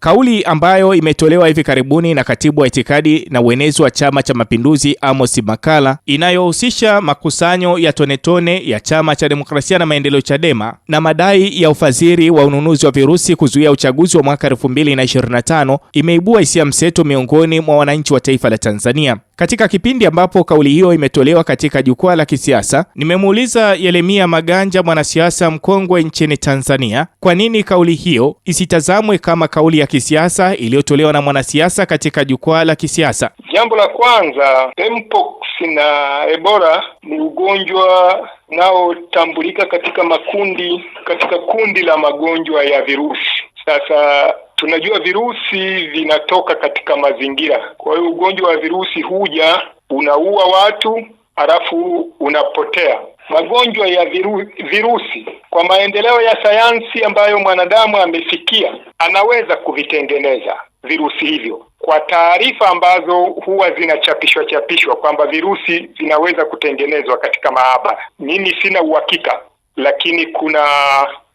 Kauli ambayo imetolewa hivi karibuni na katibu wa itikadi na uenezi wa Chama cha Mapinduzi Amos Makala inayohusisha makusanyo ya tonetone ya Chama cha Demokrasia na Maendeleo Chadema na madai ya ufadhili wa ununuzi wa virusi kuzuia uchaguzi wa mwaka 2025 imeibua hisia mseto miongoni mwa wananchi wa taifa la Tanzania. Katika kipindi ambapo kauli hiyo imetolewa katika jukwaa la kisiasa, nimemuuliza Yeremia Maganja, mwanasiasa mkongwe nchini Tanzania, kwa nini kauli hiyo isitazamwe kama kauli ya kisiasa iliyotolewa na mwanasiasa katika jukwaa la kisiasa. Jambo la kwanza, mpox na Ebola ni ugonjwa unaotambulika katika makundi katika kundi la magonjwa ya virusi. Sasa Tunajua virusi vinatoka katika mazingira, kwa hiyo ugonjwa wa virusi huja unaua watu halafu unapotea. Magonjwa ya viru, virusi kwa maendeleo ya sayansi ambayo mwanadamu amefikia anaweza kuvitengeneza virusi hivyo kwa taarifa ambazo huwa zinachapishwa chapishwa kwamba virusi vinaweza kutengenezwa katika maabara. Mimi sina uhakika lakini kuna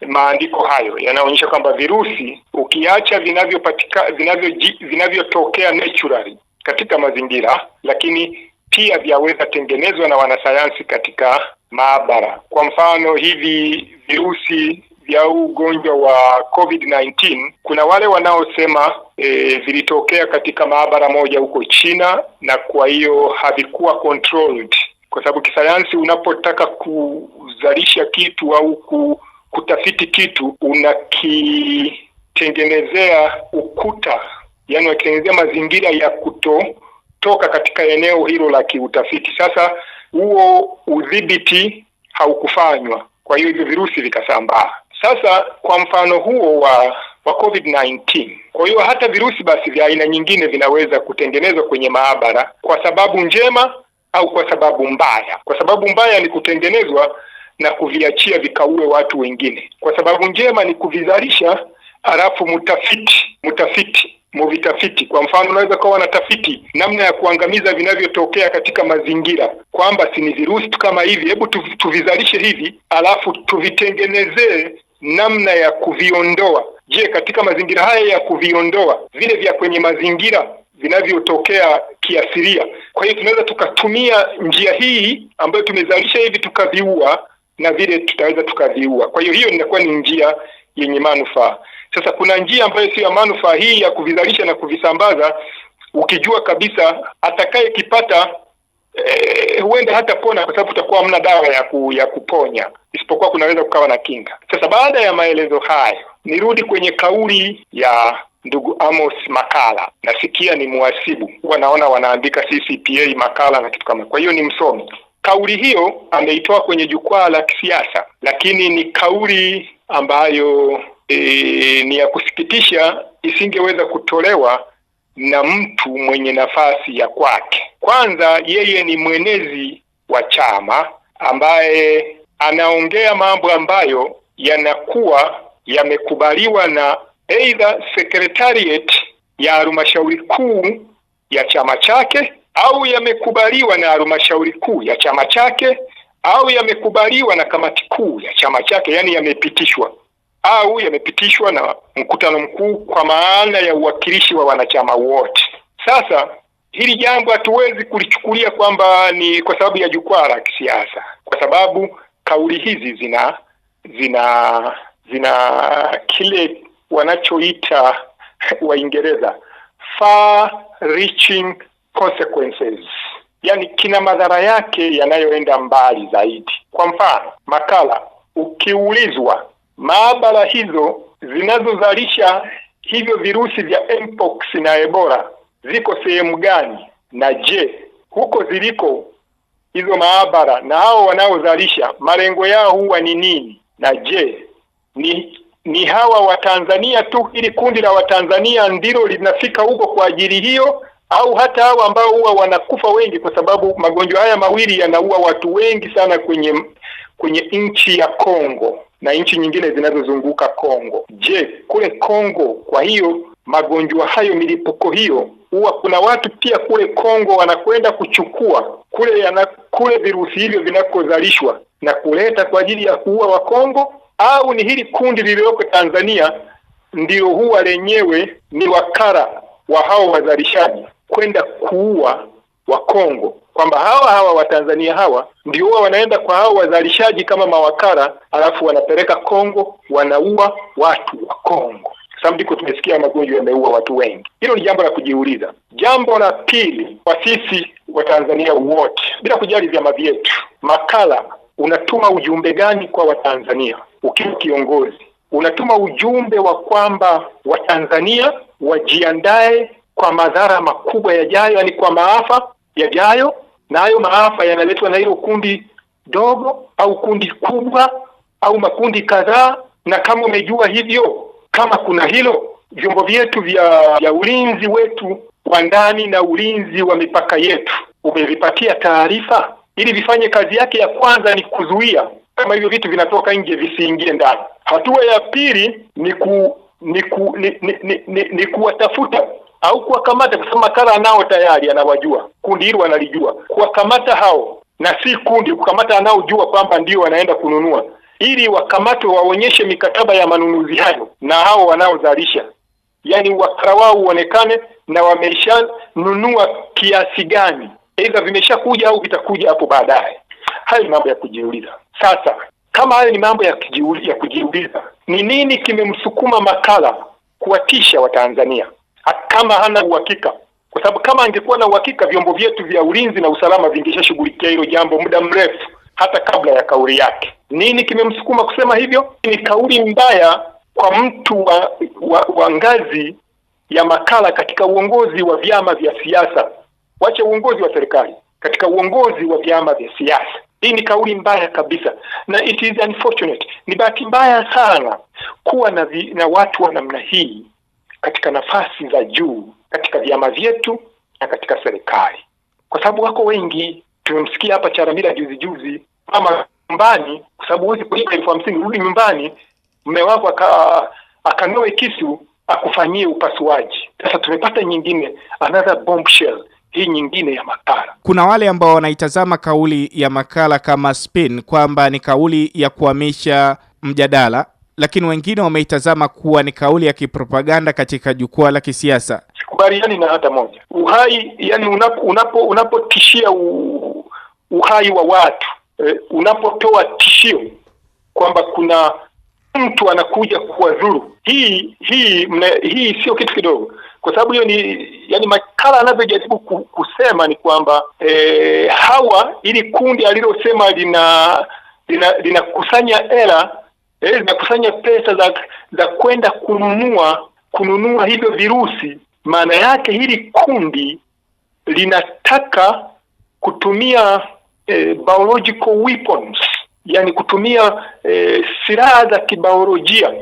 maandiko hayo yanaonyesha kwamba virusi ukiacha vinavyopatika vinavyo vinavyotokea naturally katika mazingira, lakini pia vyaweza tengenezwa na wanasayansi katika maabara. Kwa mfano, hivi virusi vya ugonjwa wa COVID-19 kuna wale wanaosema e, vilitokea katika maabara moja huko China na kwa hiyo havikuwa controlled kwa sababu kisayansi unapotaka ku kuzalisha kitu au kutafiti kitu unakitengenezea ukuta, yani unatengenezea mazingira ya kutotoka katika eneo hilo la kiutafiti. Sasa huo udhibiti haukufanywa, kwa hiyo hivyo virusi vikasambaa. Sasa kwa mfano huo wa wa COVID-19. Kwa hiyo hata virusi basi vya aina nyingine vinaweza kutengenezwa kwenye maabara kwa sababu njema au kwa sababu mbaya. Kwa sababu mbaya ni kutengenezwa na kuviachia vikaue watu wengine, kwa sababu njema ni kuvizalisha, halafu mtafiti mtafiti muvitafiti. Kwa mfano, unaweza kuwa tafiti namna ya kuangamiza vinavyotokea katika mazingira, kwamba si ni virusi kama hivi, hebu tuvizalishe hivi, alafu tuvitengenezee namna ya kuviondoa. Je, katika mazingira haya ya kuviondoa vile vya kwenye mazingira vinavyotokea kiasiria Kwa hiyo tunaweza tukatumia njia hii ambayo tumezalisha hivi tukaviua, na vile tutaweza tukaviua. Kwa hiyo hiyo inakuwa ni njia yenye manufaa. Sasa kuna njia ambayo sio ya manufaa, hii ya kuvizalisha na kuvisambaza, ukijua kabisa atakayekipata E, huenda hata pona kwa sababu utakuwa hamna dawa ya, ku, ya kuponya isipokuwa kunaweza kukawa na kinga. Sasa baada ya maelezo hayo, nirudi kwenye kauli ya ndugu Amos Makala. Nasikia ni mwasibu huwa naona wanaandika CCPA Makala na kitu kama, kwa hiyo ni msomi Kauli hiyo ameitoa kwenye jukwaa la kisiasa, lakini ni kauli ambayo e, ni ya kusikitisha, isingeweza kutolewa na mtu mwenye nafasi ya kwake. Kwanza, yeye ni mwenezi wa chama ambaye anaongea mambo ambayo yanakuwa yamekubaliwa na aidha sekretariat ya halmashauri kuu ya chama chake au yamekubaliwa na halmashauri kuu ya chama chake au yamekubaliwa na kamati kuu ya chama chake, yani yamepitishwa au yamepitishwa na mkutano mkuu kwa maana ya uwakilishi wa wanachama wote. Sasa hili jambo hatuwezi kulichukulia kwamba ni kwa sababu ya jukwaa la kisiasa, kwa sababu kauli hizi zina zina zina kile wanachoita Waingereza far reaching consequences yani kina madhara yake yanayoenda mbali zaidi. Kwa mfano, makala ukiulizwa maabara hizo zinazozalisha hivyo virusi vya mpox na Ebola ziko sehemu gani, na je, huko ziliko hizo maabara na hao wanaozalisha malengo yao huwa ni nini? Na je, ni ni hawa Watanzania tu, ili kundi la Watanzania ndilo linafika huko kwa ajili hiyo au hata hao ambao huwa wanakufa wengi, kwa sababu magonjwa haya mawili yanaua watu wengi sana kwenye kwenye nchi ya Kongo na nchi nyingine zinazozunguka Kongo. Je, kule Kongo, kwa hiyo magonjwa hayo, milipuko hiyo, huwa kuna watu pia kule Kongo wanakwenda kuchukua kule yana, kule virusi hivyo vinakozalishwa na kuleta kwa ajili ya kuua wa Kongo, au ni hili kundi lililoko Tanzania ndio huwa lenyewe ni wakara wa hao wazalishaji? kwenda kuua Wakongo, kwamba hawa hawa Watanzania hawa ndio huwa wanaenda kwa hao wazalishaji kama mawakala, alafu wanapeleka Kongo, wanaua watu wa Kongo. Sasa tumesikia magonjwa yameua watu wengi. Hilo ni jambo la kujiuliza. Jambo la pili, kwa sisi Watanzania wote bila kujali vyama vyetu, makala unatuma ujumbe gani kwa Watanzania? Ukiwa kiongozi, unatuma ujumbe wa kwamba Watanzania wajiandae kwa madhara makubwa yajayo, yani kwa maafa yajayo, na hayo maafa yanaletwa na hilo kundi dogo au kundi kubwa au makundi kadhaa. Na kama umejua hivyo, kama kuna hilo, vyombo vyetu vya, vya ulinzi wetu wa ndani na ulinzi wa mipaka yetu umevipatia taarifa ili vifanye kazi yake ya kwanza ni kuzuia kama hivyo vitu vinatoka nje visiingie ndani. Hatua ya pili ni ku- ni, ku, ni, ni, ni, ni, ni kuwatafuta au kuwakamata, kwa sababu Makala nao tayari anawajua, kundi hilo analijua. Kuwakamata hao na si kundi kukamata anaojua kwamba ndio wanaenda kununua, ili wakamatwe waonyeshe mikataba ya manunuzi hayo na hao wanaozalisha, yaani wakala wao uonekane na wameshanunua kiasi gani, aidha vimeshakuja au vitakuja hapo baadaye. Hayo ni mambo ya kujiuliza. Sasa kama hayo ni mambo ya kujiuliza, ni nini kimemsukuma Makala kuwatisha Watanzania? kama hana uhakika, kwa sababu kama angekuwa na uhakika, vyombo vyetu vya ulinzi na usalama vingeshashughulikia hilo jambo muda mrefu, hata kabla ya kauli yake. Nini kimemsukuma kusema hivyo? Ni kauli mbaya kwa mtu wa, wa, wa ngazi ya makala katika uongozi wa vyama vya siasa, wacha uongozi wa serikali, katika uongozi wa vyama vya siasa. Hii ni kauli mbaya kabisa, na it is unfortunate, ni bahati mbaya sana kuwa na, vi, na watu wa namna hii katika nafasi za juu katika vyama vyetu na katika serikali, kwa sababu wako wengi. Tumemsikia hapa Charamila juzi juzi, mama nyumbani, kwa sababu huwezi kulipa elfu hamsini rudi nyumbani, mme wako akanoe kisu akufanyie upasuaji. Sasa tumepata nyingine, another bombshell hii nyingine ya makala. Kuna wale ambao wanaitazama kauli ya makala kama spin, kwamba ni kauli ya kuhamisha mjadala lakini wengine wameitazama kuwa ni kauli ya kipropaganda katika jukwaa la kisiasa. Sikubaliani na hata moja. Uhai yani, unapo unapotishia unapo uhai wa watu eh, unapotoa tishio kwamba kuna mtu anakuja kuwadhuru, hii hii mne, hii sio kitu kidogo, kwa sababu hiyo ni yani, makala anavyojaribu kusema ni kwamba eh, hawa ili kundi alilosema lina linakusanya lina hela eh, zinakusanya pesa za za kwenda kununua kununua hivyo virusi. Maana yake hili kundi linataka kutumia eh, biological weapons, yani kutumia eh, silaha za kibiolojia.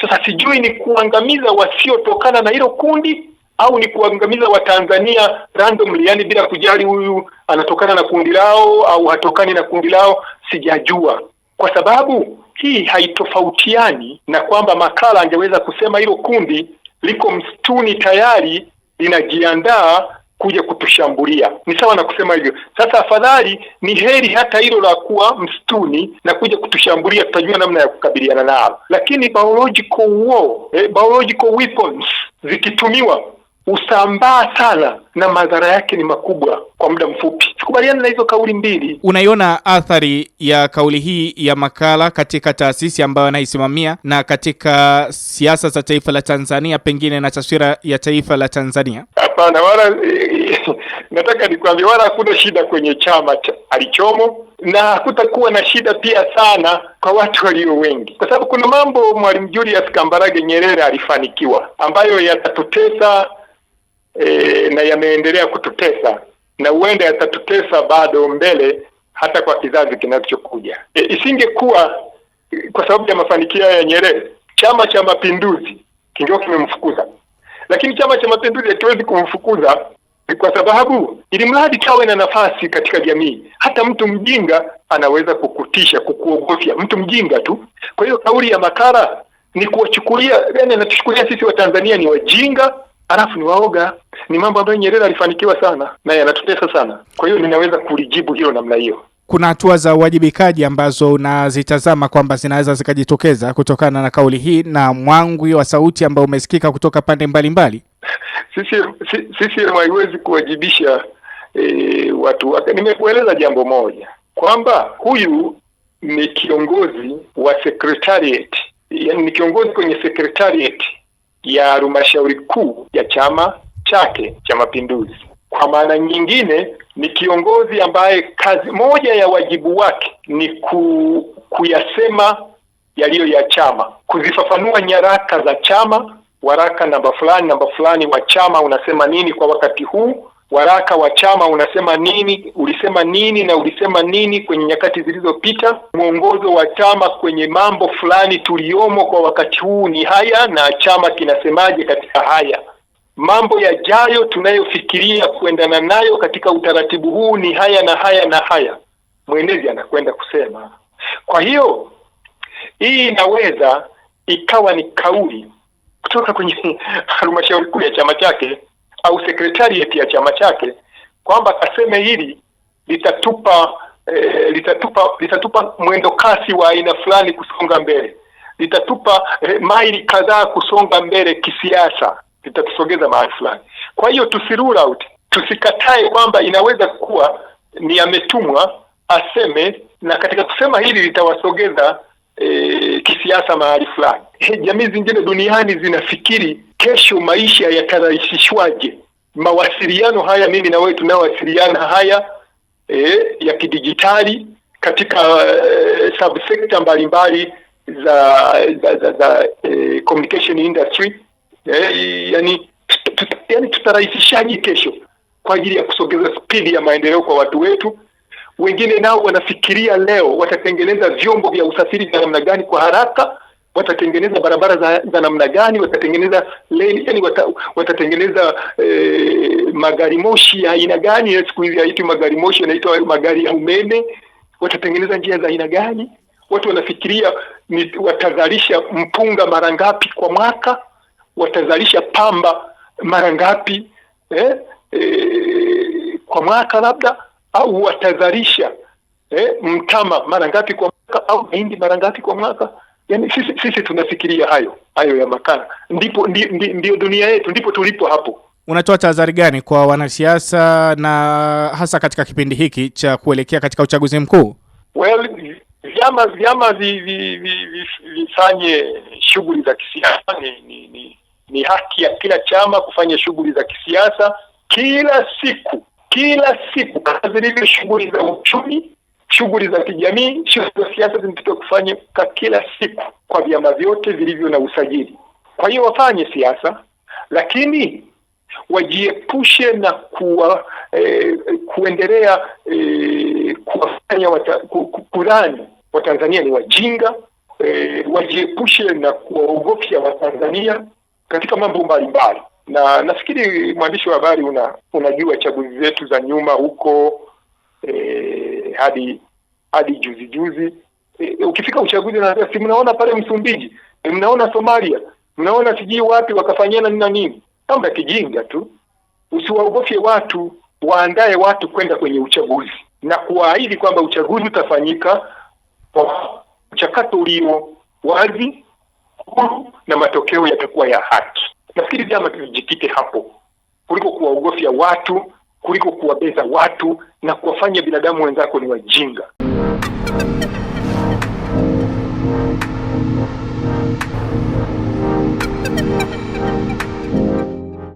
Sasa sijui ni kuangamiza wasiotokana na hilo kundi au ni kuangamiza Watanzania randomly, yani bila kujali huyu anatokana na kundi lao au hatokani na kundi lao, sijajua, kwa sababu hii haitofautiani na kwamba makala angeweza kusema hilo kundi liko msituni tayari linajiandaa kuja kutushambulia. Ni sawa na kusema hivyo. Sasa afadhali ni heri hata hilo la kuwa msituni na kuja kutushambulia, tutajua namna ya kukabiliana nalo. Lakini biological war, eh, biological weapons zikitumiwa husambaa sana na madhara yake ni makubwa kwa muda mfupi. Sikubaliana na hizo kauli mbili. Unaiona athari ya kauli hii ya makala katika taasisi ambayo anaisimamia na katika siasa za taifa la Tanzania, pengine na taswira ya taifa la Tanzania? Hapana, wala nataka nikwambie, wala hakuna shida kwenye chama alichomo na hakutakuwa na shida pia sana kwa watu walio wengi, kwa sababu kuna mambo Mwalimu Julius Kambarage Nyerere alifanikiwa ambayo yatatutesa e, na yameendelea kututesa na huenda yatatutesa bado mbele hata kwa kizazi kinachokuja. E, isingekuwa eh, kwa sababu ya mafanikio ya Nyerere, Chama cha Mapinduzi kingekuwa kimemfukuza, lakini Chama cha Mapinduzi hakiwezi kumfukuza kwa sababu ili mradi kawe na nafasi katika jamii, hata mtu mjinga anaweza kukutisha, kukuogofya, mtu mjinga tu. Kwa hiyo kauli ya Makara ni kuwachukulia, yani anatuchukulia sisi Watanzania ni wajinga alafu ni waoga. Ni mambo ambayo Nyerere alifanikiwa sana na yanatutesa sana, kwa hiyo ninaweza kulijibu hilo namna hiyo. Kuna hatua za uwajibikaji ambazo unazitazama kwamba zinaweza zikajitokeza kutokana na kauli hii na mwangwi wa sauti ambao umesikika kutoka pande mbalimbali. sisi haiwezi kuwajibisha e, watu wake. Nimekueleza jambo moja kwamba huyu ni kiongozi wa secretariat, yani ni kiongozi kwenye secretariat ya halmashauri kuu ya chama chake cha Mapinduzi. Kwa maana nyingine ni kiongozi ambaye kazi moja ya wajibu wake ni ku, kuyasema yaliyo ya chama, kuzifafanua nyaraka za chama, waraka namba fulani namba fulani wa chama unasema nini kwa wakati huu waraka wa chama unasema nini, ulisema nini na ulisema nini kwenye nyakati zilizopita. Mwongozo wa chama kwenye mambo fulani tuliyomo kwa wakati huu ni haya, na chama kinasemaje katika haya. Mambo yajayo tunayofikiria kuendana nayo katika utaratibu huu ni haya na haya na haya, mwenezi anakwenda kusema. Kwa hiyo hii inaweza ikawa ni kauli kutoka kwenye halmashauri kuu ya chama chake au sekretariati ya chama chake kwamba aseme hili litatupa eh, litatupa litatupa mwendo kasi wa aina fulani kusonga mbele, litatupa eh, maili kadhaa kusonga mbele kisiasa, litatusogeza mahali fulani. Kwa hiyo tusi out, tusikatae kwamba inaweza kuwa ni ametumwa aseme, na katika kusema hili litawasogeza e, kisiasa mahali fulani. Jamii zingine duniani zinafikiri kesho maisha yatarahisishwaje? Mawasiliano haya mimi na wewe tunayowasiliana haya e, ya kidijitali katika e, eh, subsekta mbalimbali za za, za, za e, communication industry e, yani, tut, yani tutarahisishaje kesho kwa ajili ya kusogeza spidi ya maendeleo kwa watu wetu wengine nao wanafikiria leo watatengeneza vyombo vya usafiri vya namna gani kwa haraka, watatengeneza barabara za, za namna gani, watatengeneza leni, yani wata, watatengeneza e, magari moshi ya aina gani. Eh, siku hizi haitwi magari moshi, yanaitwa magari ya umeme. Watatengeneza njia za aina gani? Watu wanafikiria ni watazalisha mpunga mara ngapi kwa mwaka, watazalisha pamba mara ngapi eh, eh, kwa mwaka labda au watadharisha eh, mtama mara ngapi kwa mwaka au mahindi mara ngapi kwa mwaka? Yani sisi, sisi tunafikiria hayo hayo ya makara Ndipo ndi, ndi, ndio dunia yetu, ndipo tulipo hapo. Unatoa tahadhari gani kwa wanasiasa na hasa katika kipindi hiki cha kuelekea katika uchaguzi mkuu? Well, vyama vyama vifanye shughuli za kisiasa ni, ni, ni, ni haki ya kila chama kufanya shughuli za kisiasa kila siku kila siku kama zilivyo shughuli za uchumi, shughuli za kijamii, shughuli za siasa zinatakiwa kufanyika kila siku kwa vyama vyote vilivyo na usajili. Kwa hiyo wafanye siasa, lakini wajiepushe na kuwa eh, kuendelea eh, kuwafanya wata, Watanzania ni wajinga eh, wajiepushe na kuwaogofya Watanzania katika mambo mbalimbali na nafikiri mwandishi wa habari una, unajua chaguzi zetu za nyuma huko e, hadi hadi juzi juzi e, ukifika uchaguzi na si mnaona pale Msumbiji e, mnaona Somalia mnaona sijui wapi wakafanyana nini na nini kama kijinga tu usiwaogofye watu waandae watu kwenda kwenye uchaguzi na kuwaahidi kwamba uchaguzi utafanyika kwa mchakato ulio wazi huru na matokeo yatakuwa ya haki Nafikiri vyama vijikite hapo kuliko kuwaogofya watu, kuliko kuwabeza watu na kuwafanya binadamu wenzako ni wajinga.